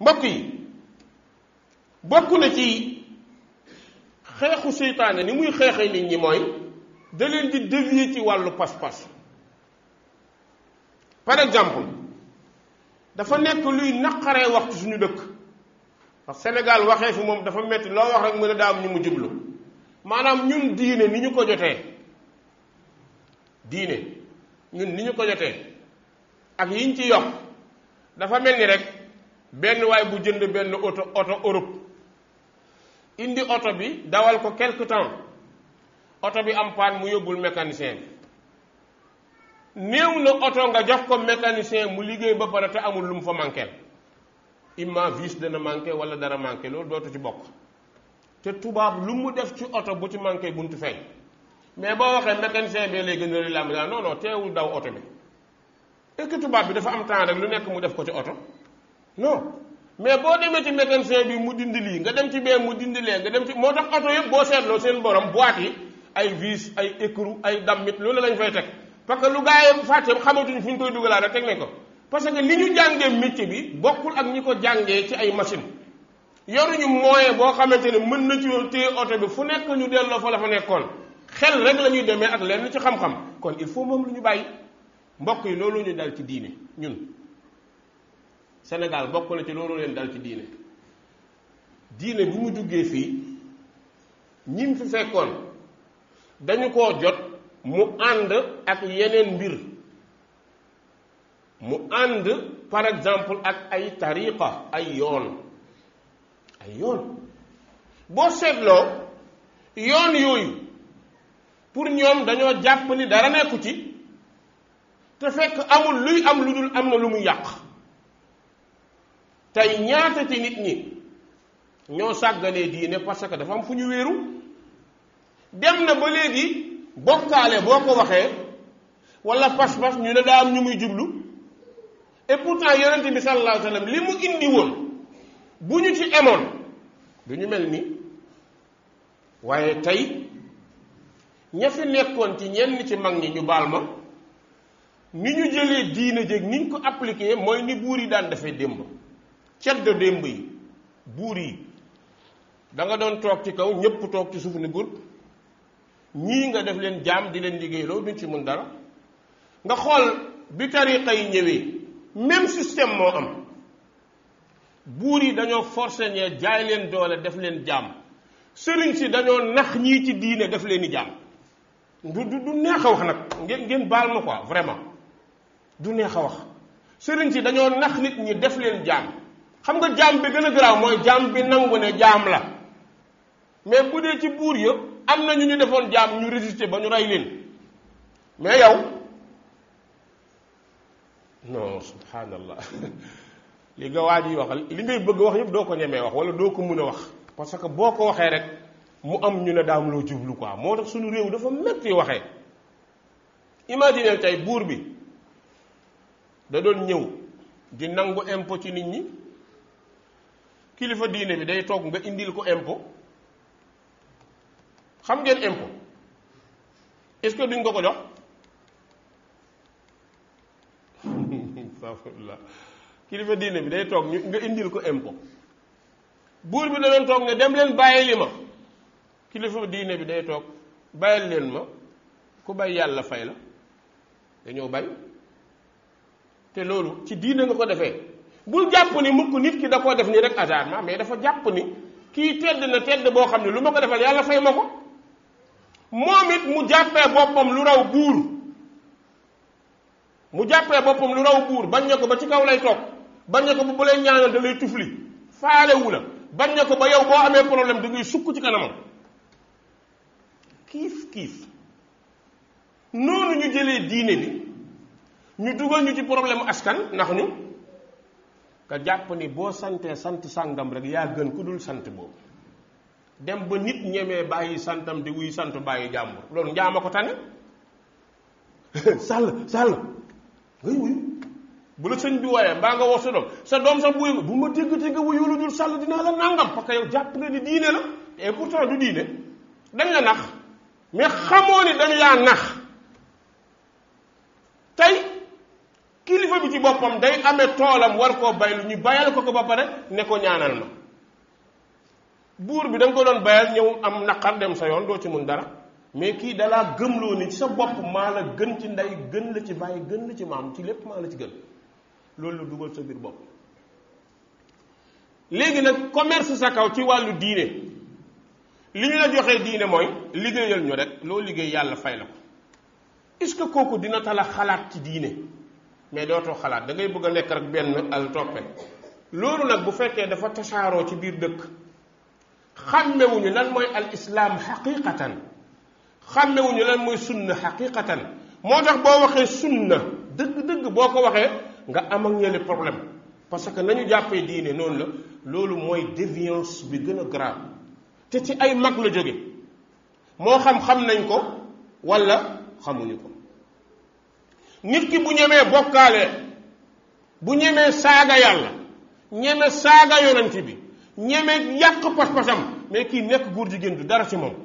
mbokk yi bokk na ci xeexu seytaane ni muy xeexee nit ñi mooy da leen di dévier ci wàllu pas-pas par exemple dafa nekk luy naqaree waxtu suñu dëkk ndax Sénégal waxee fi moom dafa metti loo wax rek mën ne daa am ñu mu jublu maanaam ñun diine ni ñu ko jotee diine ñun ni ñu ko jotee ak yiñ ci yokk dafa mel ni rek benn waay bu jënd benn oto oto Europe indi oto bi dawal ko quelque temps oto bi am paan mu yóbbul mécanicien bi néew na oto nga jox ko mécanicien mu liggéey ba pare te amul lu mu fa manqué imma de dana manqué wala dara manqué loolu dootu ci bokk te tubaab lu mu def ci oto bu ci manqué buntu feeñ mais boo waxee mécanicien bi lay gën a lamb non non teewul daw oto bi et tubaab bi dafa am temps rek lu nekk mu def ko ci oto. non mais boo demee ci mécanicien bi mu dindi lii nga dem ci bee mu dindi lee nga dem ci moo tax oto yëpp boo seetloo seen borom boîte yi ay vis ay écrou ay dammit loolu lañ fay teg parce que lu gars yi fàtte xamatuñ fu ñu koy dugalaat rek teg nañ ko parce que li ñu jàngee métier bi bokkul ak ñi ko jàngee ci ay machine yoruñu moyen boo xamante ne mën na ci téye oto bi fu nekk ñu delloo fa la fa nekkoon xel rek la ñuy demee ak lenn ci xam-xam kon il faut moom ñu bàyyi mbokk yi loolu ñu dal ci diine ñun Sénégal bokk na ci loolu leen dal ci diine diine bu mu duggee fii ñim fi fekkoon dañu ko jot mu ànd ak yeneen mbir mu ànd par exemple ak ay tariqa ay yoon ay yoon boo seetloo yoon yooyu pour ñoom dañoo jàpp ni dara nekku ci te fekk amul luy am lu dul am na lu mu yàq tey ñaata ci nit ñi ñoo sàgganee diine parce que dafa am fu ñu wéeru dem na ba léegi bokkaale boo ko waxee wala pas-pas ñu ne daa am ñu muy jublu et pourtant yonente bi sallallahu alayhi wa sallam li mu indi woon bu ñu ci amoon du ñu mel ni waaye tey ña fi nekkoon ci ñenn ci mag ñi ñu baal ma ni ñu jëlee diine jéeg ni ñu ko appliqué mooy ni buur yi daan defee démb ceddo démb yi buur yi da doon toog ci kaw ñëpp toog ci suuf ni buur ñii nga def leen jaam di leen liggéeyloo duñ ci mun dara nga xool bi tariqa yi ñëwee même système moo am buur yi dañoo forcé ñee jaay leen doole def leen jaam sëriñ si dañoo nax ñii ci diine def leen i jaam du du neex a wax nag ngeen ngeen baal ma ko vraiment du neex a wax sëriñ si dañoo nax nit ñi def leen jaam xam nga jaam bi gën a garaaw mooy jaam bi nangu ne jaam la mais bu dee ci buur yëpp am na ñu ñu defoon jaam ñu résister ba ñu rey leen mais yow non subhanallah nga waaj yi waxal li ngay bëgg wax yëpp doo ko ñemee wax wala doo ko mën a wax parce que boo ko waxee rek mu am ñu ne daam loo jublu quoi moo tax suñu réew dafa metti waxee imagine tey buur bi da doon ñëw di nangu impo ci nit ñi kilifa diine bi day toog nga indil ko impôt xam ngeen impôt est-ce que duñ ko ko jox alhamdulilah kilifa diine bi day toog nga indil ko impôt buur bi da doon toog ne dem leen bàyyi li ma kilifa diine bi day toog bàyyil leen ma ku bay yàlla fay la dañoo bay te loolu ci diine nga ko defee bul japp ni mukk nit ki da ko def ni rek ma mais dafa japp ni ki tedd na tedd bo xamni luma ma ko defal yalla fay mako momit mu jappé bopam lu raw bur mu jappé bopam lu raw bur bañ ñako ba ci kaw lay tok bañ ñako bu bu lay ñaanal da lay tufli wu la bañ ñako ba yow bo amé problème da ngay sukk ci kanamam kif kif nonu ñu jëlé diiné ni ñu duggal ñu ci problème askan ndax ñu ka japp ni bo santee sant sangam rek ya gën ku dul sant bo dem ba nit ñemee bayyi santam di wuy sant bayyi jàmbur lool njaama ko tane sal sal wuy wuy bu la señ bi wooyee ba nga woo sa dom sa buy bu ma déggati nga wuyu lu dul sal dina la nangam parce que yow japp nga ni diiné la et pourtant du diiné dañ la nax mais xamoo ni dañ laa nax kilifa bi ci boppam day amee toolam war koo bay baylu ñu bayal ko ko ba pare ne ko ñaanal ma buur bi da ko doon bayal ñëw am naqar dem sa yoon doo ci mun dara mais kii dalaa gëmloo ni ci sa bopp maa la gën ci ndey gën la ci bàyyi gën la ci maam ci lépp maa la ci gën loolu la dugal sa biir bopp léegi nag commerce sa kaw ci wàllu diine li ñu la joxee diine mooy liggéeyal ñu rek loo liggéey yàlla fay la ko est-ce que kooku dina tala xalaat ci diine mais doto xalaat da ngay bëgg a nekk rek benn al toppe loolu nag bu fekkee dafa tasaaroo ci biir dëkk xàmmewuñu lan mooy al islaam xaqiqatan xàmmewuñu lan mooy sunna xaqiqatan moo tax boo waxee sunna dëgg-dëgg boo ko waxee nga am ak ñële problème parce que nañu jàppee diine noonu la loolu mooy déviance bi gën a grave te ci ay mag la jóge moo xam xam nañ ko wala xamuñu ko nit ki bu ñemee bokkaale bu ñemee saaga yàlla ñeme saaga yonent bi ñeme yàq pas-pasam mais kii nekk góor jigéen du dara ci moom